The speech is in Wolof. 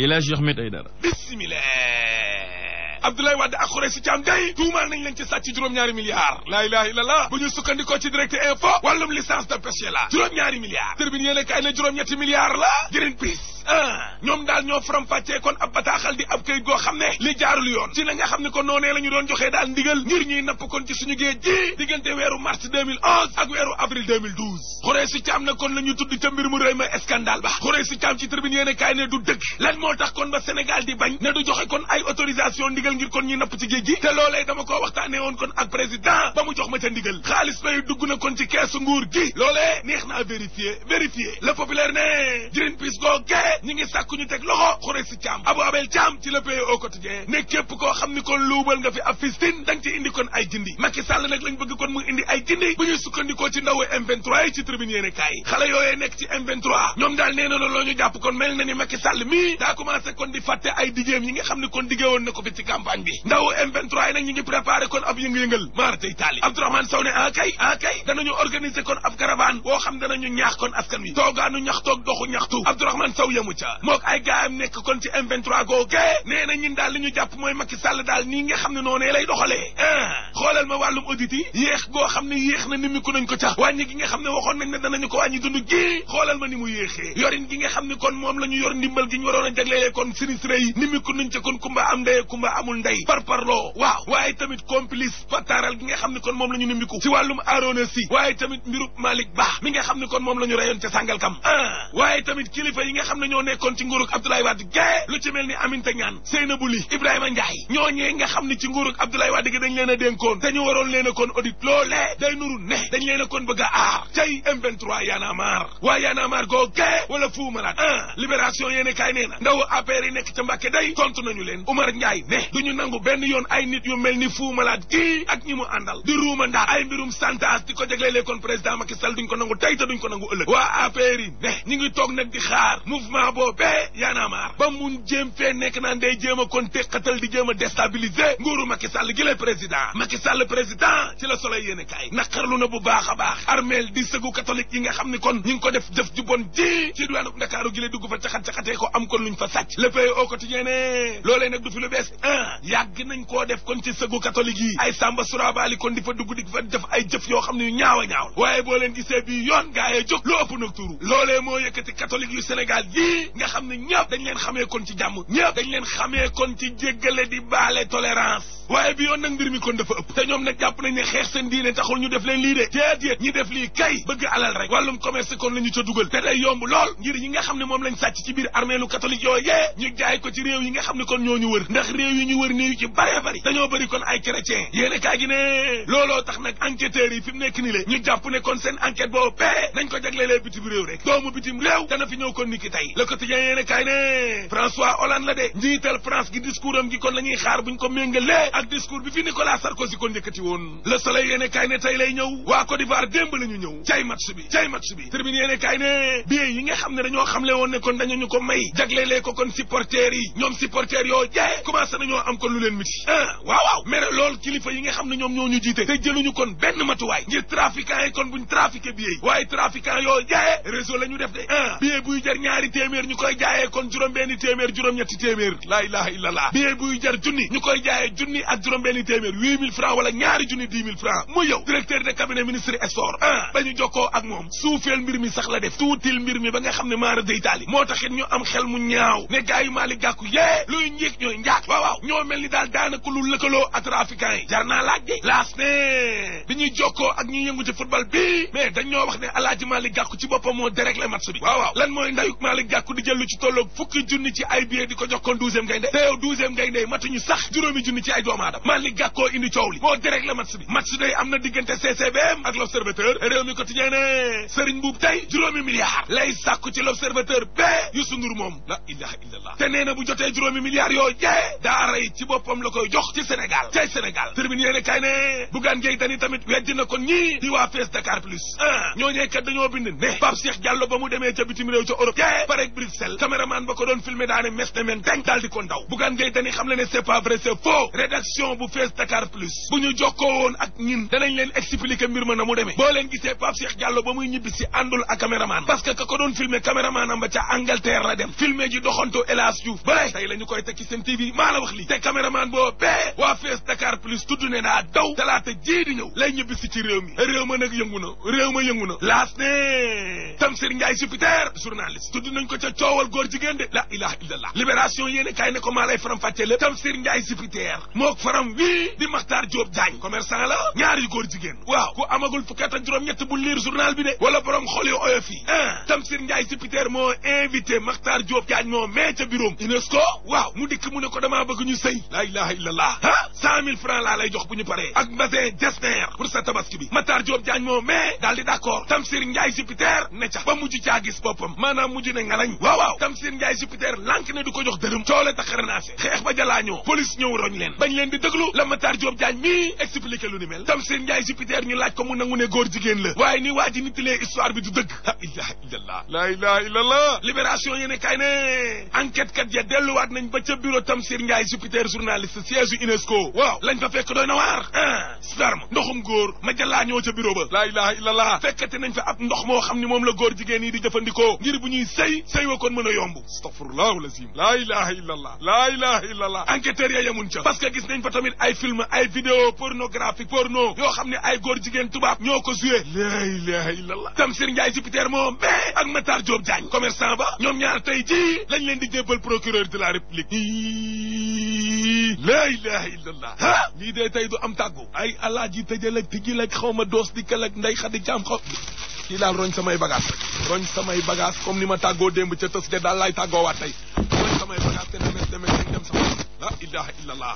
El Hadj Ahmed Aidara bismillah Abdoulaye Wade ak Khoureyssi Thiam day tuumaal nañ leen ci sàcc juróom-ñaari milliards laa ilaha illallah bu ñu sukkandikoo ci direct info wàllum licence de pêche la juróom-ñaari milliards tërbine yéen a kaay ne juróom-ñetti milliards la Greenpeace ah ñoom daal ñoo faram-fàccee kon ab bataaxal di ab kayit goo xam ne li jaarul yoon ci la nga xam ne ko noonee la ñu doon joxe daal ndigal ngir ñuy napp kon ci suñu géej ji diggante weeru mars 2011 ak weeru avril 2012 xoree si kon la ñu tudd ca mbir mu réy ma scandale ba xoree si caam ci tribune yéene kaay ne du dëgg lan moo tax kon ba Sénégal di bañ ne du joxe kon ay autorisation ndigal ngir kon ñuy napp ci géej gi te loolee dama ko waxtaanee woon kon ak président ba mu jox ma ca ndigal na kon ci keesu nguur gi loolee neex naa vérifier vérifier le populaire ne goo gee ñi ngi sàkk ñu teg loxo Khoureyssi Thiam Abou Abel Thiam ci le pays au quotidien ne képp koo xam ni kon luubal nga fi ab fistine da ci indi kon ay jindi Macky Sall nag lañ bëgg kon mu indi ay jindi bu ñuy sukkandikoo ci ndawu M23 yi ci tribune yéene kaay xale yooyee nekk ci M23 ñoom daal nee na loo ñu jàpp kon mel na ni Macky Sall mii daa commencé kon di fàtte ay digéem yi nga xam ni kon digée woon ko fi ci campagne bi ndawu M23 yi nag ñi ngi préparé ah ah boo xam danañu ñaax kon askan wi toogaanu ñax toog amu ca mook ay gaayam nekk kon ci M23 googe nee na ñun daal li ñu jàpp mooy Macky Sall daal nii nga xam ne noonee lay doxalee ah, xoolal ma wàllum audit yéex goo xam ne yéex na ni mi ko nañ ko ca wàññi gi nga xam ne waxoon nañ ne danañu ko wàññi dund gi xoolal ma ni mu yéexee yorin gi nga xam ne kon moom la ñu yor ndimbal gi ñu waroon a jagleelee kon sinistré yi ni mi ko nañ ca kon kumba am ndey kumba amul ndey parparloo waaw waaye tamit xam ne kon moom la ñu nimmiku ci wàllum aarona si waaye tamit mbirub xam ne kon moom la ñu reyoon ca sàngal kam ah ñoo nekkoon ci nguurug Abdoulaye Wade gae lu ci mel ni Aminata Ñaan Seynabou Ly Ibrahima Ndiaye ñooñee nga xam ne ci nguurug Abdoulaye Wade gi dañ leen a dénkoon dañu waroon leen a koon audit loolee day nuru ne dañ leen a koon bëgg a cay M23 Y'en a marre a marre googee wala Fou Malade ah libération yéene kaay nee na nekk ca Mbàkke day tontu nañu leen Oumar Ndiaye ne duñu nangu benn yoon ay nit yu mel ni Fou Malade ak ñi mu àndal di mouvement boobee yaanaamaar ba mun jéem fee nekk naan day jéem a kon téqatal di jéem a déstabiliser nguuru Macky Sall gi lay président Macky Sall président ci la soleil yéen kaay naqarlu na bu baax a baax armeel di sëgu catholique yi nga xam ni kon ñu ngi ko def jëf ju bon ji ci diwaanu Ndakaaru gi la dugg fa caxat-caxatee ko am kon luñ fa sàcc le pays au quotidien loolee nag du fi lu bees ah yàgg nañ koo def kon ci sëgu catholique yi ay samba surabaali kon di fa dugg di fa ay jëf yoo xam ne yu ñaaw a ñaaw waaye boo yoon gaa yee jóg lu ëpp nag turu bii nga xam ne ñëpp dañu leen xamee kon ci jàmm ñëpp dañ leen xamee kon ci jéggale di baale tolérance waaye bi yoon nag mbir mi kon dafa ëpp te ñoom nag jàpp nañ ne xeex seen diine taxul ñu def leen lii de déedéet ñi def lii kay bëgg alal rek kon la ñu ca dugal te yomb lool ngir yi nga xam ne moom lañ sàcc ci biir armée lu catholique yooyee ko ci réew yi nga xam ne kon ñoo ñu wër ndax réew ñu wër nii ci bare bari dañoo bëri kon ay chrétien yéene kaa gi ne looloo tax nag enquêteurs yi fi mu nekk ni le ñu jàpp ne kon seen enquête boobu pee nañ ko jagleelee bitim réew rek doomu bitim réew na fi ñëw kon niki tey le quotidien yéen kay ne François la de njiital France gi discours am gi kon la xaar buñ ko méngalee ak discours bi fi Nicolas Sarkozy kon njëkkati woon le soleil yéen kay ne tey lay ñëw waa Côte d'Ivoire démb la ñëw cay match bi cay match bi tribune yéen kay ne billet yi nga xam ne dañoo xamle woon ne kon dañu ñu ko may jaglelee ko kon supporters yi ñoom supporters yoo jee commencé nañoo am kon lu leen miti ah waaw waaw mais loolu kilifa yi nga xam ne ñoom ñoo ñu jiite te jëluñu kon kon buñ trafiqué billet yi waaye trafiquant yoo jee de ah téeméer ñu koy jaayee kon juróom-benni téeméer juróom-ñetti ministre sport ah jokkoo ak moom suufeel mbir mi sax la def tuutil mbir mi ba nga xam ne maara day taali moo taxit ñu am xel mu ñaaw ne gaa yu gàkku yée luy njéeg ñooy njaak waaw ñoo mel ni daal daanaka lu lëkkaloo ak yi jar naa laaj de laas ne bi ñuy jokkoo ak ñuy yëngu ci football bi mais dañ wax ne alaaji maali gàkku ci boppam moo dérégler match bi waaw waaw lan mooy ndayuk maali gàkku sàkku di jël lu ci tolloog fukki junni ci ay billet di ko jox kon douzième gaynde te yow douzième gaynde matuñu sax juróomi junni ci ay doomu aadama Malick Gakou indi coow li moo dérégler match bi match day am na diggante CCBM ak l'observateur réew mi quotidien ne Serigne Boub tey juróomi milliard lay sàkku ci l'observateur bee Youssou Ndour moom la ilaha illallah te nee bu jotee juróomi milliards yoo jee daara ci boppam la koy jox ci Sénégal cay Sénégal termine yéene ko ñii a ah ñooñee kat dañoo bind ne mu demee ak Bruxelles caméraman ba ko doon filmé daane mes ne men teng daal ko ndaw Bougane Gueye Dany xam le ne c'est pas vrai c'est faux rédaction bu fees Dakar Plus bu ñu jokkoo woon ak ñin danañ leen expliquer mbir ma na mu demee boo leen gisee Pape Cheikh Diallo ba muy ñibbi si àndul ak caméraman parce que ko doon filmé caméraman ba ca Angleterre la dem filmé ji doxanto El Hadj bare tey la koy tekki seen TV maa la wax lii te caméraman boo waa fees Dakar ca coowal góor jigéen de la ilaha illallah libération yéene kaay ne ko maa lay faram fàccee lépp Tamsir Ndiaye Jupiter mook faram wii di Makhtar Diop Diagne commerçant la ñaar yu góor jigéen waaw ku amagul fukki at juróom-ñett bu liir journal bi de wala borom xol yu oyof yi ah Tamsir Ndiaye Jupiter moo invité Makhtar Diop Diagne moo mee ca bureau UNESCO waaw mu dikk mu ko damaa bëgg ñu sëy la ilaha illallah ah cent mille laa lay jox bu ñu paree ak mbasin jesner pour sa tabaski bi Makhtar Diop Diagne moo mee daal di d'accord gis boppam maanaam mujj ne xarañ waaw waaw Tamsir Ndiaye jupiter lànk ne du ko jox dërëm coole ta xaranaase xeex ba jalaañoo police ñëw roñ leen bañ leen di dëglu la Matar Diop Diagne mii expliqué lu ni mel Tamsir Ndiaye jupiter ñu laaj ko mu nangu ne góor jigéen la waaye ni waa ji nittalee histoire bi du dëgg la ilaha illallah la ilaha illallah libération yéene kay ne enquête kat ya delluwaat nañ ba ca bureau Tamsir Ndiaye jupiter journaliste siège u UNESCO waaw lañ fa fekk doy na waar ah sperme ndoxum góor ma jalaañoo ca bureau ba la ilaha illallah fekkate nañ fa ab moo xam ni moom la góor jigéen yi di jëfandikoo ngir bu ñuy sëy sëy wa kon mën a yomb astaghfirullahu lazim laa ilaha la allah laa la illa allah enquêteurs ya yamuñ ca parce que gis nañ fa tamit ay film ay vidéo pornographique porno yoo xam ne ay góor jigéen tubaab ñoo ko joué laa ilaha illa allah Tamsir Ndiaye Jupiter moom mais ak Matar Diop Diagne commerçant ba ñoom ñaar tey ji lañ leen di jébbal procureur de la république laa ilaha illa allah lii dee tey du am tàggu ay alaaji tëjal ak tijjil ak xaw ma doos di kal ak nday xadi jaam xaw kii daal roñ samay bagage roñ samay bagage comme ni ma tàggoo démb ca tës de daal laay tàggoowaat tey roñ samay bagage te demes demes dem sama la ilaha illallah